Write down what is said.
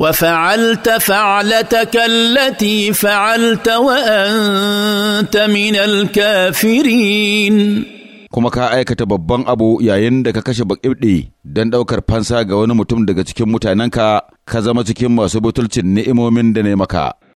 وفعلت فعلتك التي فعلت وانت من الكافرين kuma ka aikata babban abu yayin da ka kashe bakibdi don ɗaukar fansa ga wani mutum daga cikin mutanenka ka zama cikin masu butulcin ni'imomin da ne maka.